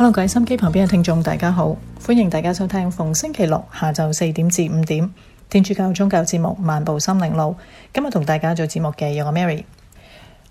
Hello，各位心機旁邊嘅聽眾，大家好，歡迎大家收聽逢星期六下午四點至五點天主教宗教節目《漫步心靈路》，今日同大家做節目嘅有我 Mary。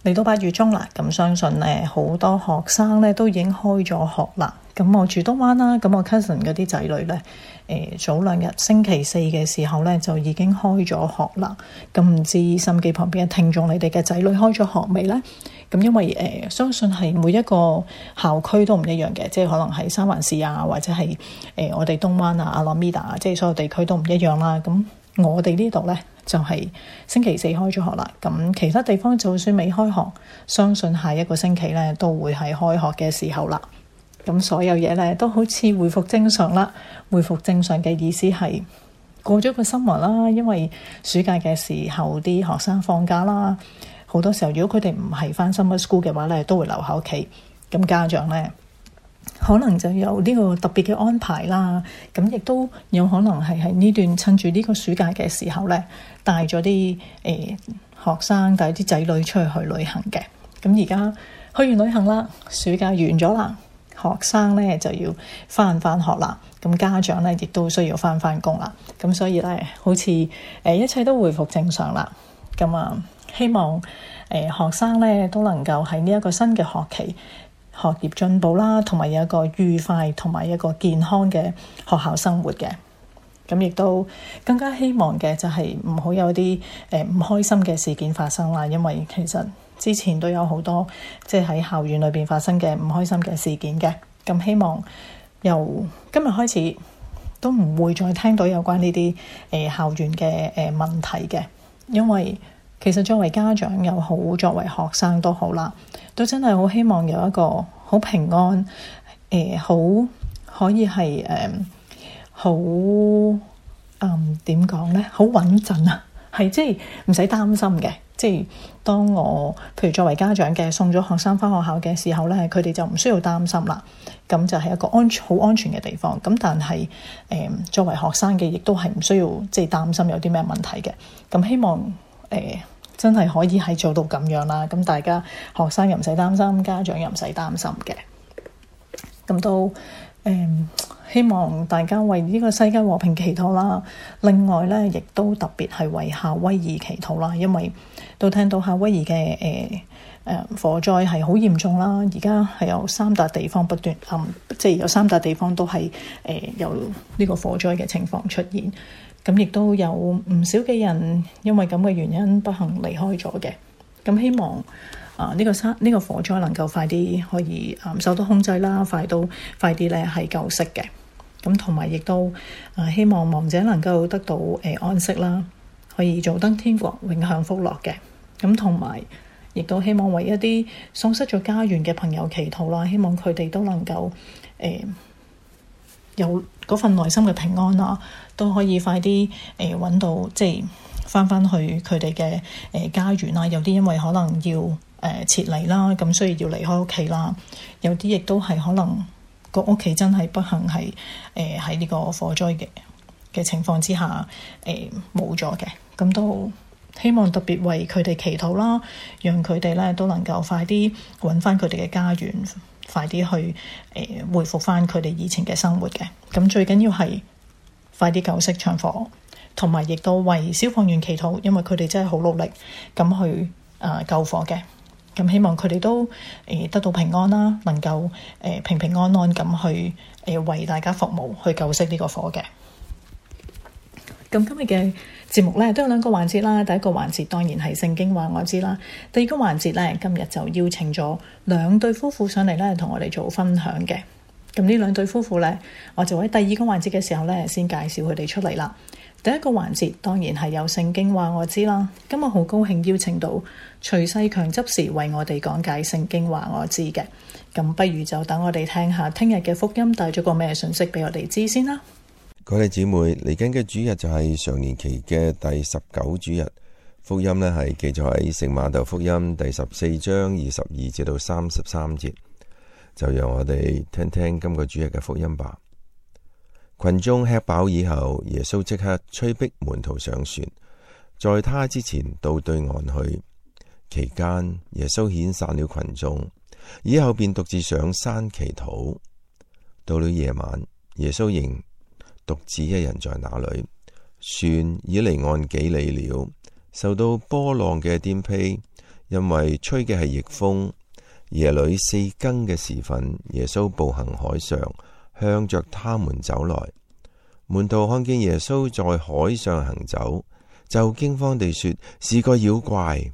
嚟到八月中啦，咁相信咧好多學生咧都已經開咗學啦。咁我住東灣啦，咁我 cousin 嗰啲仔女咧，誒、呃、早兩日星期四嘅時候咧就已經開咗學啦。咁唔知心機旁邊嘅聽眾，你哋嘅仔女開咗學未咧？咁因為誒、呃、相信係每一個校區都唔一樣嘅，即係可能喺三藩市啊，或者係誒、呃、我哋東灣啊、阿羅米達，即係所有地區都唔一樣啦。咁。我哋呢度呢，就係星期四開咗學啦。咁其他地方就算未開學，相信下一個星期呢，都會係開學嘅時候啦。咁所有嘢呢，都好似回復正常啦。回復正常嘅意思係過咗個新聞啦，因為暑假嘅時候啲學生放假啦，好多時候如果佢哋唔係翻 summer school 嘅話呢，都會留喺屋企。咁家長呢。可能就有呢個特別嘅安排啦，咁亦都有可能係喺呢段趁住呢個暑假嘅時候呢，帶咗啲誒學生帶啲仔女出去去旅行嘅。咁而家去完旅行啦，暑假完咗啦，學生呢就要翻翻學啦，咁家長呢亦都需要返返工啦。咁所以呢，好似誒、呃、一切都回復正常啦。咁啊，希望誒、呃、學生呢都能夠喺呢一個新嘅學期。學業進步啦，同埋有一個愉快同埋一個健康嘅學校生活嘅，咁亦都更加希望嘅就係唔好有啲誒唔開心嘅事件發生啦。因為其實之前都有好多即係喺校園裏邊發生嘅唔開心嘅事件嘅，咁希望由今日開始都唔會再聽到有關呢啲誒校園嘅誒、呃、問題嘅，因為。其實作為家長又好，作為學生都好啦，都真係好希望有一個好平安，誒、呃、好可以係誒好嗯點講咧，好穩陣啊，係即係唔使擔心嘅。即係當我譬如作為家長嘅送咗學生返學校嘅時候咧，佢哋就唔需要擔心啦。咁就係一個安好安全嘅地方。咁但係誒、呃、作為學生嘅，亦都係唔需要即係擔心有啲咩問題嘅。咁希望。誒、呃，真係可以係做到咁樣啦，咁、嗯、大家學生又唔使擔心，家長又唔使擔心嘅，咁都誒、呃，希望大家為呢個世界和平祈禱啦。另外咧，亦都特別係為夏威夷祈禱啦，因為都聽到夏威夷嘅誒誒火災係好嚴重啦，而家係有三笪地方不斷暗、呃，即係有三笪地方都係誒、呃、有呢個火災嘅情況出現。咁亦都有唔少嘅人因為咁嘅原因不幸離開咗嘅，咁希望啊呢、這個山呢、這個火災能夠快啲可以啊、嗯、受到控制啦，快到快啲咧係救熄嘅，咁同埋亦都啊希望亡者能夠得到誒、呃、安息啦，可以早登天國永享福樂嘅，咁同埋亦都希望為一啲喪失咗家園嘅朋友祈禱啦，希望佢哋都能夠誒、呃有嗰份內心嘅平安啦，都可以快啲誒揾到，即係返返去佢哋嘅誒家園啦。有啲因為可能要誒、呃、撤離啦，咁所以要離開屋企啦。有啲亦都係可能個屋企真係不幸係誒喺呢個火災嘅嘅情況之下誒冇咗嘅。咁、呃、都希望特別為佢哋祈禱啦，讓佢哋咧都能夠快啲揾返佢哋嘅家園。快啲去誒、呃，回復翻佢哋以前嘅生活嘅，咁最緊要係快啲救熄場火，同埋亦都為消防員祈禱，因為佢哋真係好努力咁去誒、呃、救火嘅，咁希望佢哋都誒、呃、得到平安啦，能夠誒、呃、平平安安咁去誒、呃、為大家服務去救熄呢個火嘅。咁今日嘅節目咧都有兩個環節啦，第一個環節當然係《聖經話我知》啦，第二個環節咧今日就邀請咗兩對夫婦上嚟咧同我哋做分享嘅。咁呢兩對夫婦咧，我就喺第二個環節嘅時候咧先介紹佢哋出嚟啦。第一個環節當然係有《聖經話我知》啦，咁我好高興邀請到徐世強及時為我哋講解《聖經話我知》嘅。咁不如就等我哋聽下，聽日嘅福音帶咗個咩信息俾我哋知先啦。各位姊妹，嚟緊嘅主日就係常年期嘅第十九主日，福音呢係記載喺《聖馬竇福音》第十四章二十二至到三十三節，就讓我哋聽聽今個主日嘅福音吧。群眾吃飽以後，耶穌即刻催逼門徒上船，在他之前到對岸去。期間，耶穌遣散了群眾，以後便獨自上山祈禱。到了夜晚，耶穌仍。獨自一人在那裏？船已離岸幾里了，受到波浪嘅顛簸，因為吹嘅係逆風。夜裏四更嘅時分，耶穌步行海上，向着他們走來。門徒看見耶穌在海上行走，就驚慌地說：是個妖怪，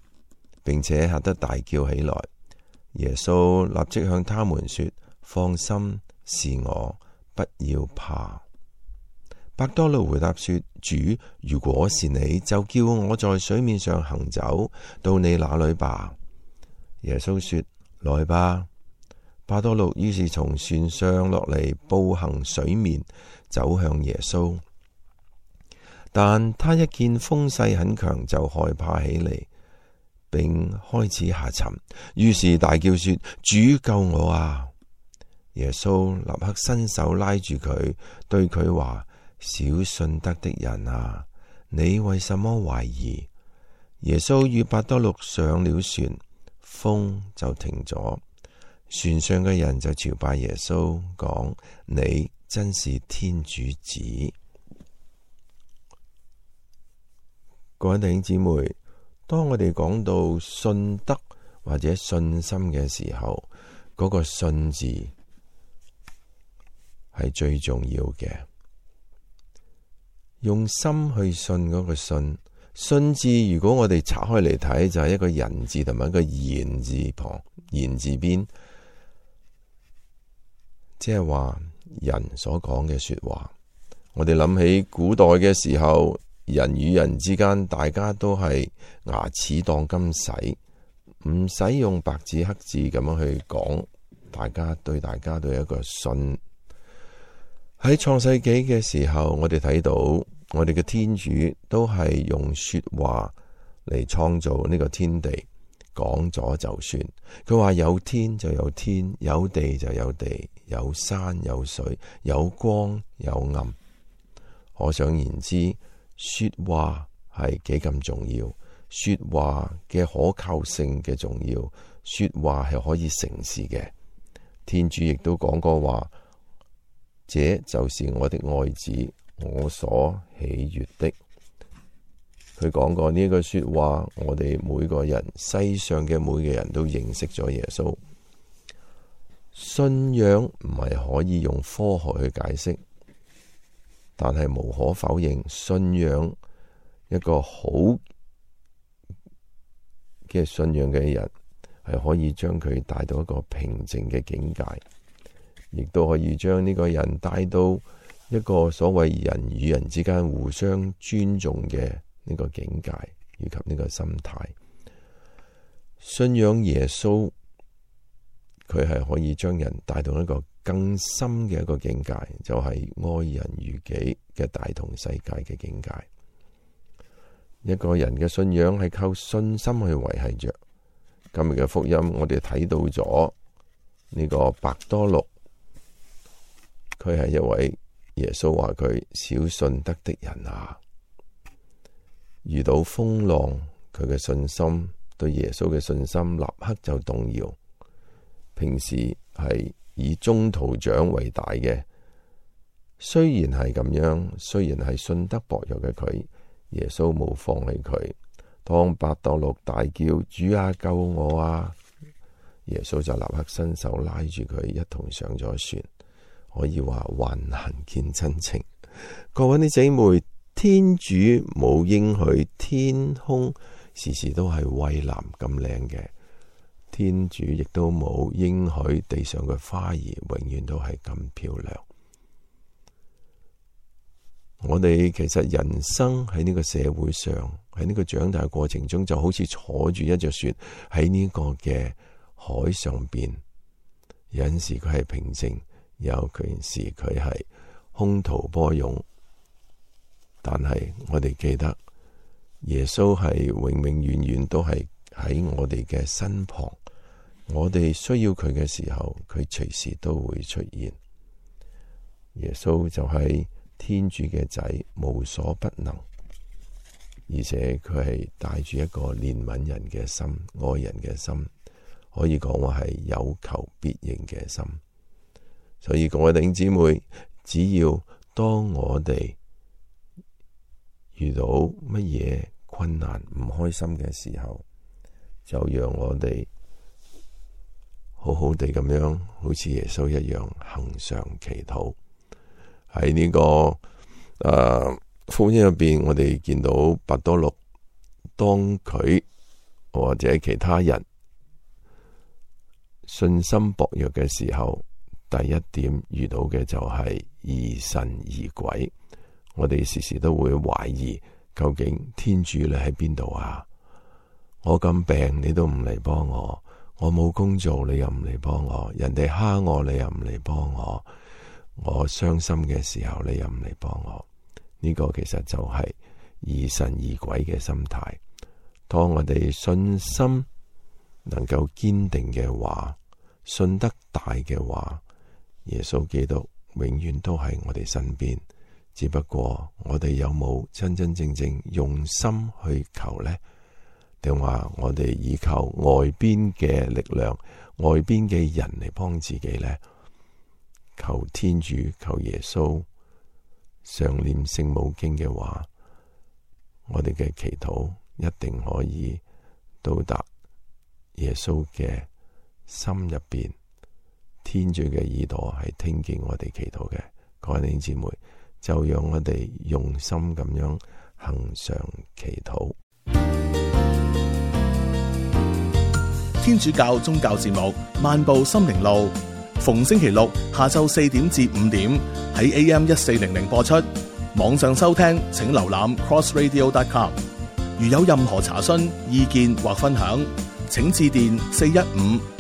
並且吓得大叫起來。耶穌立即向他們說：放心，是我，不要怕。伯多祿回答說：主，如果是你就叫我在水面上行走，到你那裏吧。耶穌說：來吧。伯多祿於是從船上落嚟，步行水面走向耶穌。但他一見風勢很強，就害怕起嚟，並開始下沉。於是大叫說：主救我啊！耶穌立刻伸手拉住佢，對佢話。小信德的人啊，你為什麼懷疑？耶穌與百多禄上了船，風就停咗。船上嘅人就朝拜耶穌，講，你真是天主子。各位弟兄姊妹，當我哋講到信德或者信心嘅時候，嗰個信字係最重要嘅。用心去信嗰個信，信字如果我哋拆開嚟睇，就係一個人字同埋一個言字旁，言字邊，即係話人所講嘅說話。我哋諗起古代嘅時候，人與人之間大家都係牙齒當金使，唔使用，用白紙黑字咁樣去講，大家對大家都有一個信。喺創世紀嘅時候，我哋睇到。我哋嘅天主都係用說話嚟創造呢個天地，講咗就算。佢話有天就有天，有地就有地，有山有水，有光有暗。可想而知，說話係幾咁重要，說話嘅可靠性嘅重要，說話係可以成事嘅。天主亦都講過話，這就是我的愛子。我所喜悅的，佢講過呢句說話，我哋每個人世上嘅每個人都認識咗耶穌，信仰唔係可以用科學去解釋，但係無可否認，信仰一個好嘅信仰嘅人，係可以將佢帶到一個平靜嘅境界，亦都可以將呢個人帶到。一個所謂人與人之間互相尊重嘅呢個境界，以及呢個心態，信仰耶穌佢係可以將人帶到一個更深嘅一個境界，就係、是、愛人如己嘅大同世界嘅境界。一個人嘅信仰係靠信心去維繫着。今日嘅福音，我哋睇到咗呢個白多祿，佢係一位。耶穌話佢少信德的人啊，遇到風浪，佢嘅信心對耶穌嘅信心立刻就動搖。平時係以宗徒長為大嘅，雖然係咁樣，雖然係信德薄弱嘅佢，耶穌冇放棄佢。當伯多祿大叫主啊，救我啊，耶穌就立刻伸手拉住佢，一同上咗船。可以話患難，見真情，各位啲姊妹，天主冇應許天空時時都係蔚藍咁靚嘅，天主亦都冇應許地上嘅花兒永遠都係咁漂亮。我哋其實人生喺呢個社會上，喺呢個長大過程中，就好似坐住一隻船喺呢個嘅海上邊，有陣時佢係平靜。尤其是佢係空徒波湧，但係我哋記得耶穌係永永遠遠，遠都係喺我哋嘅身旁，我哋需要佢嘅時候，佢隨時都會出現。耶穌就係天主嘅仔，無所不能，而且佢係帶住一個憐憫人嘅心、愛人嘅心，可以講話係有求必應嘅心。所以，各位弟兄姊妹，只要當我哋遇到乜嘢困難、唔開心嘅時候，就讓我哋好好地咁樣，好似耶穌一樣恆常祈禱。喺呢、這個誒、呃、福音入邊，我哋見到伯多祿，當佢或者其他人信心薄弱嘅時候。第一點，遇到嘅就係疑神疑鬼，我哋時時都會懷疑，究竟天主你喺邊度啊？我咁病，你都唔嚟幫我；我冇工做，你又唔嚟幫我；人哋蝦我，你又唔嚟幫我；我傷心嘅時候，你又唔嚟幫我。呢個其實就係疑神疑鬼嘅心態。當我哋信心能夠堅定嘅話，信得大嘅話，耶穌基督永遠都喺我哋身邊，只不過我哋有冇真真正正用心去求呢？定話我哋以求外邊嘅力量、外邊嘅人嚟幫自己呢？求天主、求耶穌，常念聖母經嘅話，我哋嘅祈禱一定可以到達耶穌嘅心入邊。天主嘅耳朵係聽見我哋祈禱嘅，各位弟兄姊妹，就讓我哋用心咁樣恆常祈禱。天主教宗教節目《漫步心靈路》，逢星期六下晝四點至五點喺 AM 一四零零播出，網上收聽請瀏覽 crossradio.com Dot。如有任何查詢、意見或分享，請致電四一五，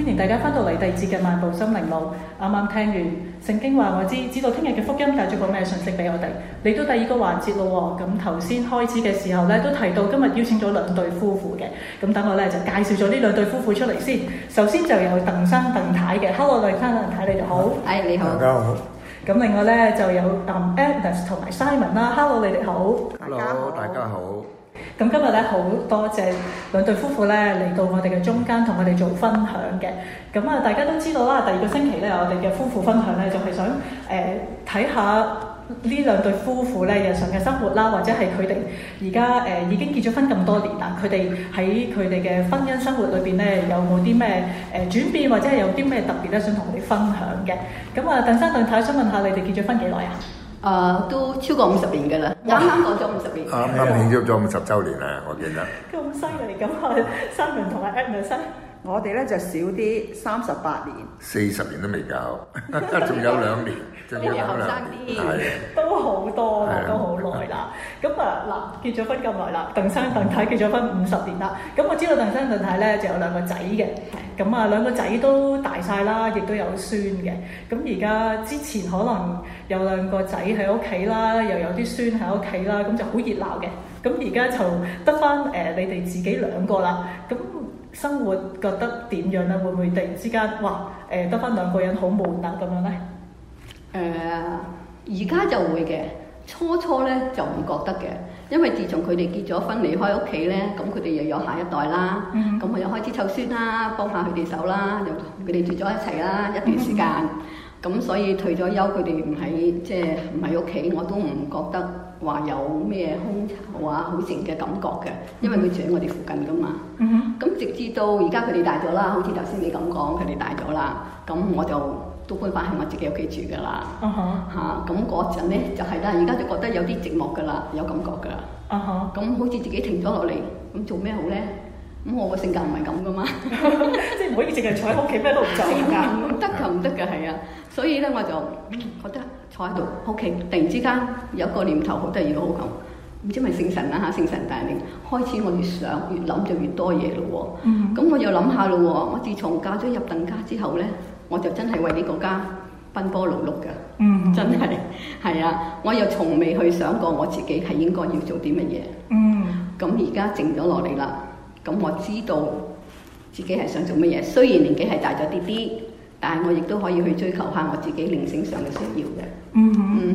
歡迎大家翻到嚟，第二節嘅漫步心靈路。啱啱聽完聖經話，我知，知道聽日嘅福音帶咗個咩信息俾我哋。嚟到第二個環節嘞喎。咁頭先開始嘅時候咧，都提到今日邀請咗兩對夫婦嘅。咁等我咧就介紹咗呢兩對夫婦出嚟先。首先就有鄧生鄧太嘅，Hello，鄧生鄧太，太，你哋好。哎，你好。大家好。咁另外咧就有 Agnes 同埋 Simon 啦，Hello，你哋好。Hello，大家好。咁今日咧好多謝兩對夫婦咧嚟到我哋嘅中間，同我哋做分享嘅。咁啊，大家都知道啦，第二個星期咧，我哋嘅夫婦分享咧，就係想誒睇下呢兩對夫婦咧日常嘅生活啦，或者係佢哋而家誒已經結咗婚咁多年，佢哋喺佢哋嘅婚姻生活裏邊咧，有冇啲咩誒轉變，或者係有啲咩特別咧，想同你分享嘅。咁、嗯、啊，鄧生鄧太，太，想問下你哋結咗婚幾耐啊？誒、uh, 都超過五十年嘅啦，啱啱過咗五十年，啱啱慶祝咗五十周年啊！我見到咁犀利，咁阿 Simon 同阿 Agnes。我哋咧就少啲，三十八年，四十年都未夠，仲 有兩年， 真係後生啲，對都好多， 都好耐啦。咁 啊嗱，結咗婚咁耐啦，鄧生鄧太結咗婚五十年啦。咁我知道鄧生鄧太咧，就有兩個仔嘅。咁啊兩個仔都大晒啦，亦都有孫嘅。咁而家之前可能有兩個仔喺屋企啦，又有啲孫喺屋企啦，咁就好熱鬧嘅。咁而家就得翻誒你哋自己兩個啦。咁生活覺得點樣咧？會唔會突然之間，哇！誒得翻兩個人好悶啊咁樣咧？誒、呃，而家就會嘅，嗯、初初咧就唔覺得嘅，因為自從佢哋結咗婚離開屋企咧，咁佢哋又有下一代啦，咁、嗯嗯、我又開始湊孫啦，幫下佢哋手啦，又同佢哋住咗一齊啦一段時間，咁、嗯嗯嗯、所以退咗休佢哋唔喺即係唔喺屋企，我都唔覺得。話有咩空巢啊、 好靜嘅感覺嘅，因為佢住喺我哋附近噶嘛。咁 直至到而家佢哋大咗啦，好似頭先你咁講，佢哋大咗啦。咁我就都搬翻喺我自己屋企住噶啦。嚇咁嗰陣咧就係、是、啦，而家都覺得有啲寂寞噶啦，有感覺噶啦。咁、uh huh. 好似自己停咗落嚟，咁做咩好咧？咁我個性格唔係咁噶嘛， 即係唔可以淨係坐喺屋企，咩都唔做㗎，得就唔得㗎係啊？所以咧我就覺得。我喺度，OK。突然之間有個念頭好得意好咁，唔知咪聖神啦嚇聖神大。大係你開始我越想越諗就越,越多嘢咯喎。咁、mm hmm. 我又諗下咯喎。我自從嫁咗入鄧家之後呢，我就真係為呢個家奔波勞碌嗯，mm hmm. 真係係啊！我又從未去想過我自己係應該要做啲乜嘢。嗯、mm，咁而家靜咗落嚟啦，咁我知道自己係想做乜嘢。雖然年紀係大咗啲啲。但係我亦都可以去追求下我自己靈性上嘅需要嘅。嗯哼，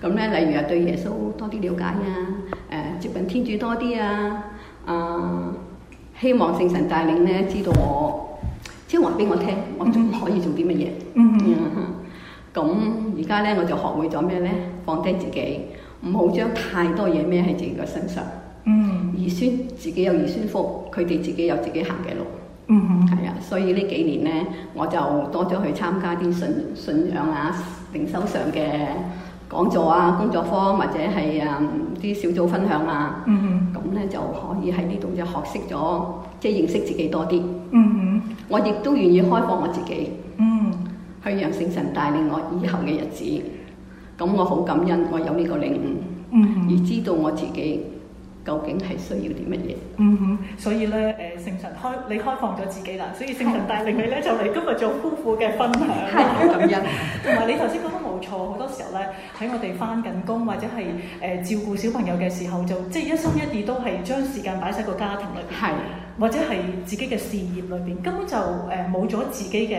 咁咧、嗯，例如啊，對耶穌多啲了解啊，誒、呃、接近天主多啲啊，啊、呃、希望聖神帶領咧，知道我即係話俾我聽，我仲可以做啲乜嘢？嗯哼，咁而家咧我就學會咗咩咧？放低自己，唔好將太多嘢孭喺自己個身上。嗯哼，兒孫自己有兒孫福，佢哋自己有自己行嘅路。嗯係啊，所以呢幾年呢，我就多咗去參加啲信信仰啊、靈修上嘅講座啊、工作坊或者係啊啲小組分享啊。嗯哼、mm，咁、hmm. 咧就可以喺呢度就學識咗，即、就、係、是、認識自己多啲。嗯、mm hmm. 我亦都願意開放我自己。嗯、mm，hmm. 去讓聖神帶領我以後嘅日子。咁我好感恩，我有呢個領悟，mm hmm. 而知道我自己。究竟係需要啲乜嘢？嗯哼，所以咧，誒、呃，聖神開你開放咗自己啦，所以聖神帶領你咧，就嚟今日做夫婦嘅分享感恩。同埋 你頭先講。錯好多時候呢，喺我哋返緊工或者係誒、呃、照顧小朋友嘅時候，就即係、就是、一心一意都係將時間擺晒個家庭裏邊，的或者係自己嘅事業裏邊，根本就誒冇咗自己嘅誒、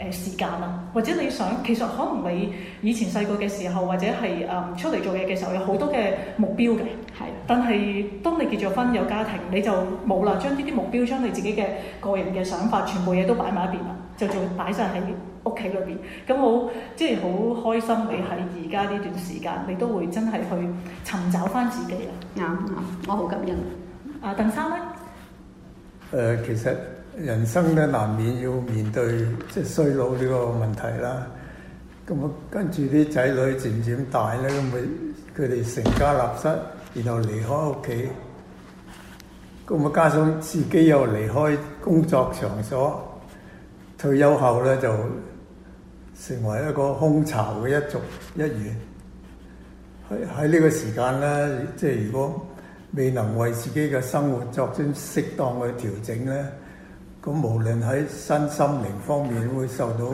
呃、時間啦。或者你想，其實可能你以前細個嘅時候，或者係誒、呃、出嚟做嘢嘅時候，有好多嘅目標嘅。係的，但係當你結咗婚有家庭，你就冇啦，將呢啲目標、將你自己嘅個人嘅想法，全部嘢都擺埋一邊啦，就做擺晒喺屋企裏邊咁好，即係好開心。你喺而家呢段時間，你都會真係去尋找翻自己啦。啱啱、嗯嗯？我好感恩啊，鄧生咧？誒、呃，其實人生咧，難免要面對即係衰老呢個問題啦。咁啊，跟住啲仔女漸漸大咧，咁佢佢哋成家立室，然後離開屋企。咁啊，加上自己又離開工作場所，退休後咧就～成為一個空巢嘅一族一員，喺喺呢個時間咧，即係如果未能為自己嘅生活作出適當嘅調整咧，咁無論喺身心靈方面會受到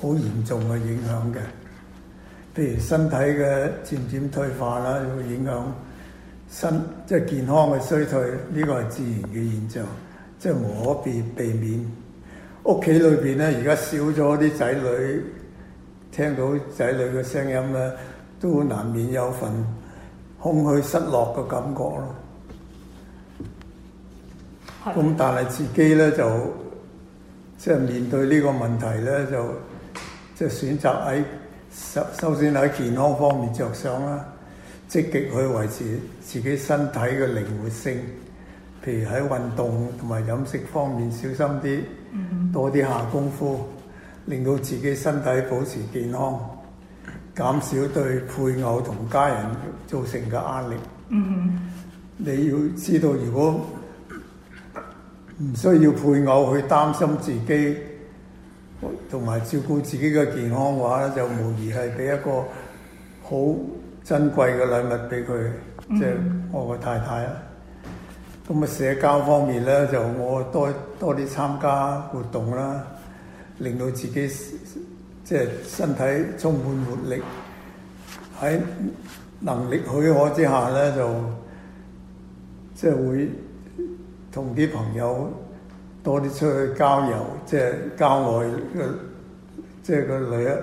好嚴重嘅影響嘅，譬如身體嘅漸漸退化啦，會影響身即係健康嘅衰退，呢個係自然嘅現象，即係無可避避免。屋企裏邊咧，而家少咗啲仔女。聽到仔女嘅聲音咧，都難免有份空虛失落嘅感覺咯。咁但係自己咧就即係面對呢個問題咧，就即係選擇喺首首先喺健康方面著想啦，積極去維持自己身體嘅靈活性。譬如喺運動同埋飲食方面小心啲，多啲下功夫。令到自己身體保持健康，減少對配偶同家人造成嘅壓力。Mm hmm. 你要知道，如果唔需要配偶去擔心自己，同埋照顧自己嘅健康嘅話咧，就無疑係俾一個好珍貴嘅禮物俾佢。即係我個太太啦。咁啊，Mm hmm. 社交方面咧，就我多多啲參加活動啦。令到自己即係身體充滿活力，喺能力許可之下咧，就即係會同啲朋友多啲出去郊遊，即係郊外嘅，即係個旅啊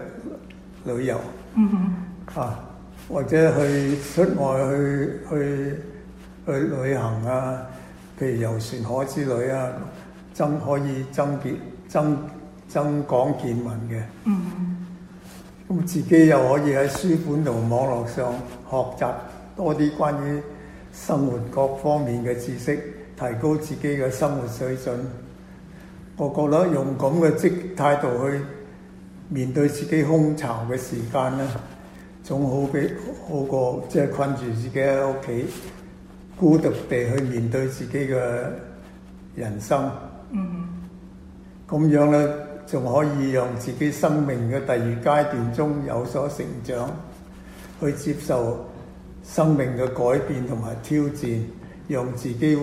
旅遊，mm hmm. 啊，或者去出外去去去旅行啊，譬如遊船河之類啊，增可以增別增。增廣見聞嘅，咁、mm hmm. 自己又可以喺書本同網絡上學習多啲關於生活各方面嘅知識，提高自己嘅生活水準。我覺得用咁嘅積態度去面對自己空巢嘅時間咧，總好比好過即係困住自己喺屋企孤獨地去面對自己嘅人生。嗯、mm，咁、hmm. 樣咧。仲可以讓自己生命嘅第二階段中有所成長，去接受生命嘅改變同埋挑戰，讓自己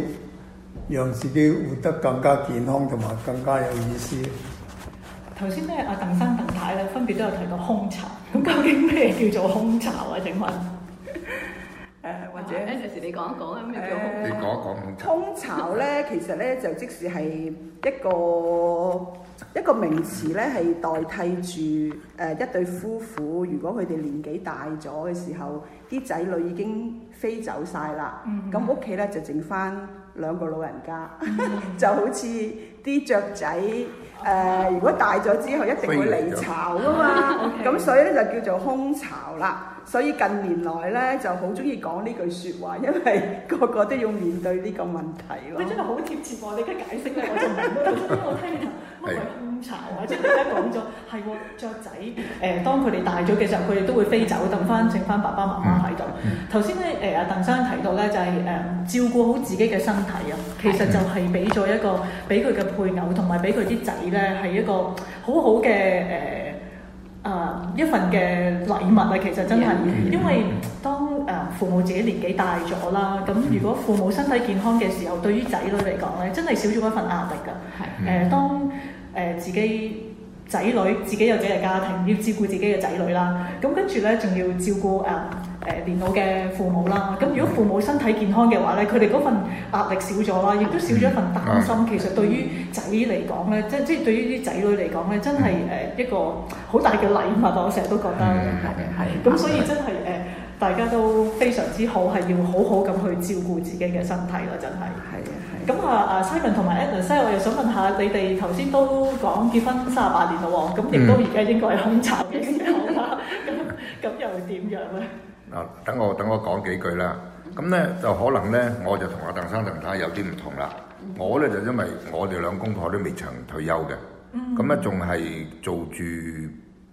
讓自己活得更加健康同埋更加有意思。頭先咧，阿鄧生、鄧太咧，分別都有提到空巢，咁究竟咩叫做空巢啊？靜雯，誒或者有時你講一講啊，咩叫咧？你講一講空巢。空巢咧，其實咧就即係一個。一個名詞咧係代替住誒、呃、一對夫婦，如果佢哋年紀大咗嘅時候，啲仔女已經飛走晒啦，咁屋企咧就剩翻兩個老人家，mm hmm. 就好似啲雀仔誒、呃，如果大咗之後一定會離巢噶嘛，咁 魚了 Okay. 所以咧就叫做空巢啦。所以近年來咧就好中意講呢句説話，因為個個都要面對呢個問題 你真係好貼切喎！你嘅解釋咧，我真係 佢空巢，或者頭先講咗係喎雀仔，誒、 呃、當佢哋大咗嘅時候，佢哋都會飛走，等翻剩翻爸爸媽媽喺度。頭、啊呃、先咧，誒阿鄧生提到咧，就係、是、誒、呃、照顧好自己嘅身體啊，其實就係俾咗一個俾佢嘅配偶同埋俾佢啲仔咧，係一個好好嘅誒啊一份嘅禮物啊。其實真係，啊、因為當誒、呃、父母自己年紀大咗啦，咁如果父母身體健康嘅時候，對於仔女嚟講咧，真係少咗一份壓力噶。誒當、啊嗯嗯誒自己仔女，自己有自己嘅家庭，要照顧自己嘅仔女啦。咁跟住咧，仲要照顧誒誒年老嘅父母啦。咁如果父母身體健康嘅話咧，佢哋嗰份壓力少咗啦，亦都少咗一份擔心。其實對於仔嚟講咧，即係即係對於啲仔女嚟講咧，真係誒一個好大嘅禮物。我成日都覺得，係係、嗯。咁、嗯嗯嗯、所以真係誒、呃，大家都非常之好，係要好好咁去照顧自己嘅身體咯，真係。係啊。咁啊啊，Simon 同埋 Agnes，我又想問下你哋頭先都講結婚三十八年咯喎，咁亦都而家應該係空巢嘅好啦，咁咁 又點樣咧？嗱，等我等我講幾句啦。咁咧就可能咧，我就同阿鄧生鄧太有啲唔同啦。嗯、我咧就因為我哋兩公婆都未曾退休嘅，咁咧仲係做住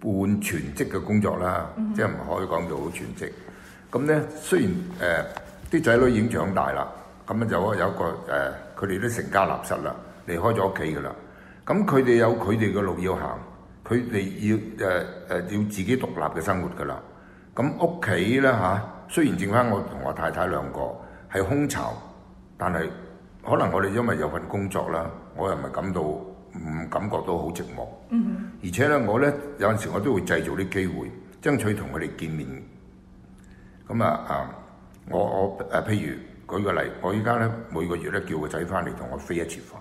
半全職嘅工作啦，即係唔可以講做到全職。咁咧雖然誒啲仔女已經長大啦。咁樣就有一個呃，佢哋都成家立室啦，離開咗屋企噶啦。咁佢哋有佢哋嘅路要行，佢哋要誒誒、呃呃、要自己獨立嘅生活噶啦。咁屋企咧嚇，雖然剩翻我同我太太兩個係空巢，但係可能我哋因為有份工作啦，我又唔係感到唔、嗯、感覺到好寂寞。Mm hmm. 而且咧，我咧有陣時我都會製造啲機會，爭取同佢哋見面。咁啊啊，我我誒、啊、譬如。舉個例，我依家咧每個月咧叫個仔翻嚟同我飛一次髮。